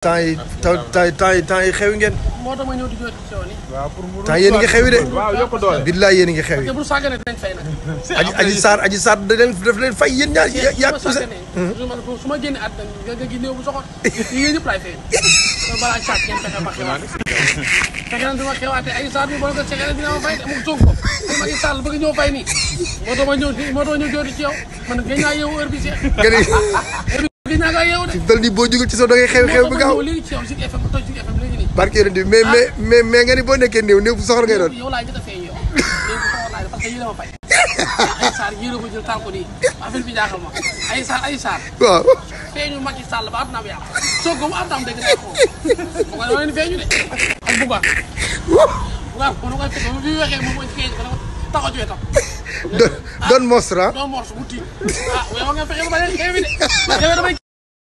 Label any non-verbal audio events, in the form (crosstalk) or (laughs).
temps yi temps yi temps yi xewi ngeen. moo tax ma ñëw di jooy ci coono. waaw pour mu temps yéen a ngi xewi de. waaw yokk doole billaay yéen a ngi xewi. te bu sàggane dinañ fay nag. (laughs) aji Sarr aji Sarr da leen daf leen fay yéen ñaar ya ya. Hmm? su ma sàgganee. su ma génnee at nga nga gis néew bu soxor. (laughs) yéen ñëpp laay fay. (laughs) balaa caat ngeen fexe ba xewaate. fexe na dama xewaate aji Sarr bi boo ko fexe dina ma fay mu suuf ko. ma aji Sarr bëgg ñëw fay nii. moo tax ma ñëw moo tax ma ñëw jooy ci yow man nga ñaa yow heure bi fi mu toll nii boo jugul ci sa dogee xew xew bi gaaw barke yonent bi mais mais ah. mais mais nga ni boo nekkee néew a a ma fay ay saar a ko jël tànk ko nii affaire bi jaaxal ma ay saar ay saar waaw feeñu Macky Sall ba am naam yàlla soo ko mu am naam dégg naa bu baax don mostra don ah.